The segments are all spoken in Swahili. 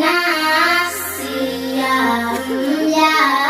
na siya mm,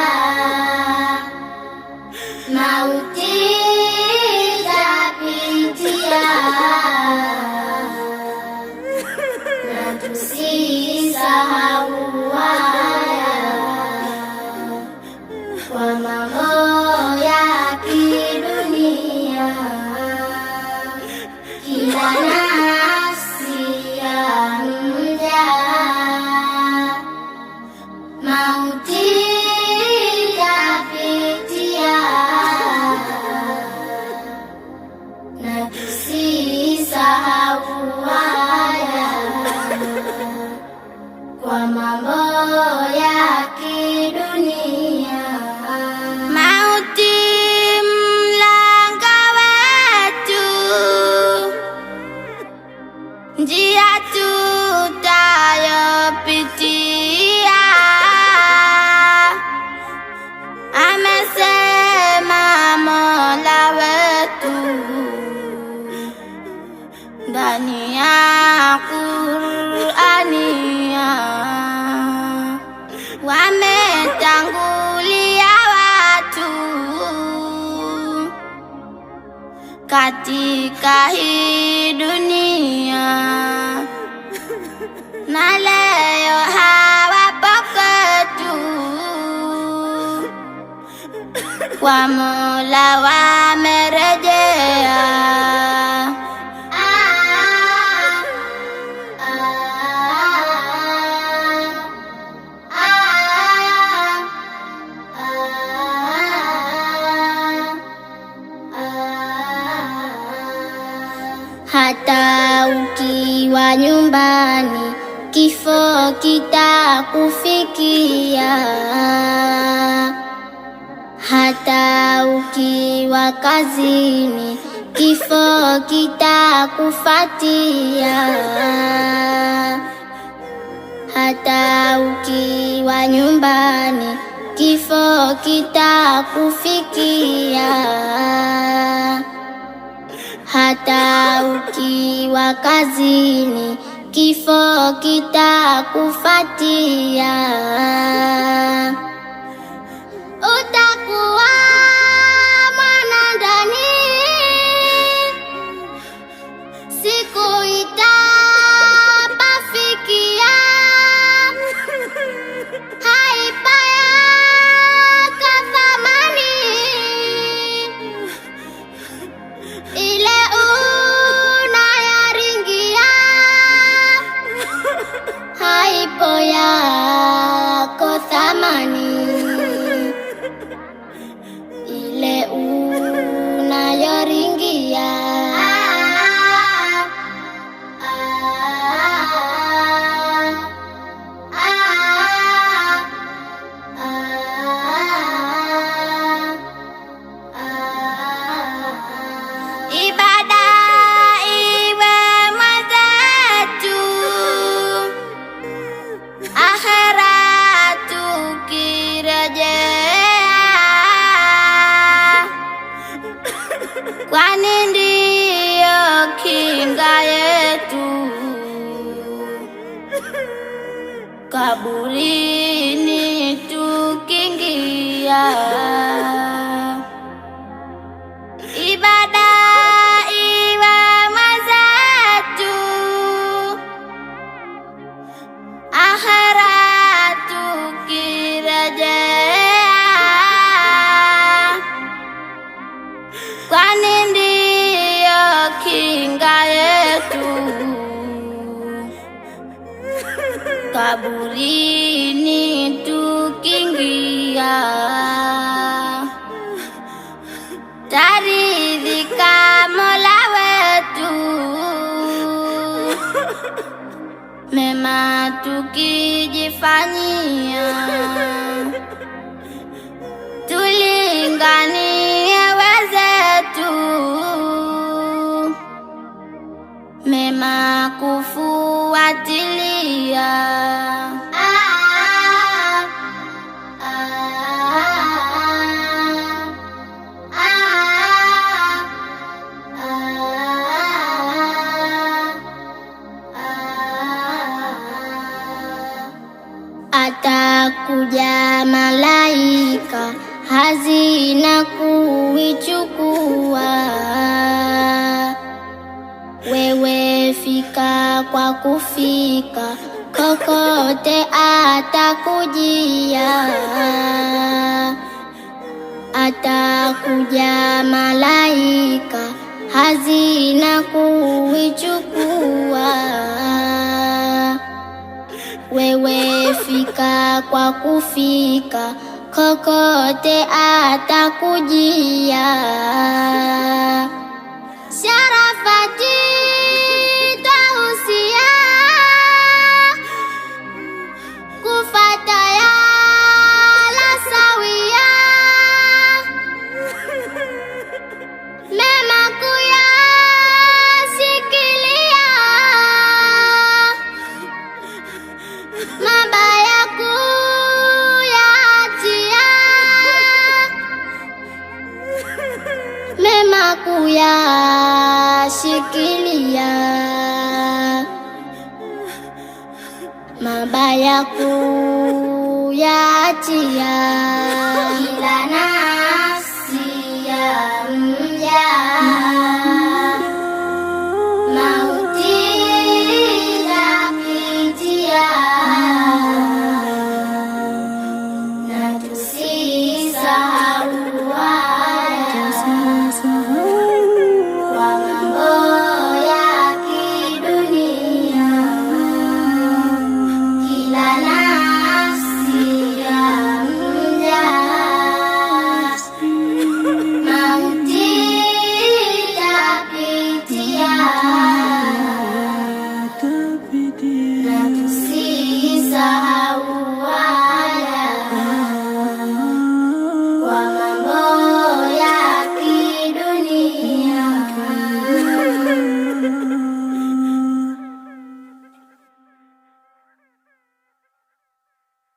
katika hii dunia na leo hawapoke tu kwa Mola wamereje ukiwa nyumbani, kifo kitakufikia. Hata ukiwa kazini, kifo kitakufatia. Hata ukiwa nyumbani, kifo kitakufikia hata ukiwa kazini, kifo kitakufatia utakuwa kwani ndiyo kinga yetu kaburini tukingia mema tukijifanyia, tulinganie wezetu mema kufuatilia atakuja malaika, hazina kuichukua. Wewe fika kwa kufika, kokote atakujia. Atakuja malaika, hazina kuichukua wewe kufika kwa kufika kokote atakujia Sharafati na kuyashikilia mabaya kuyaachia, ila nafsi ya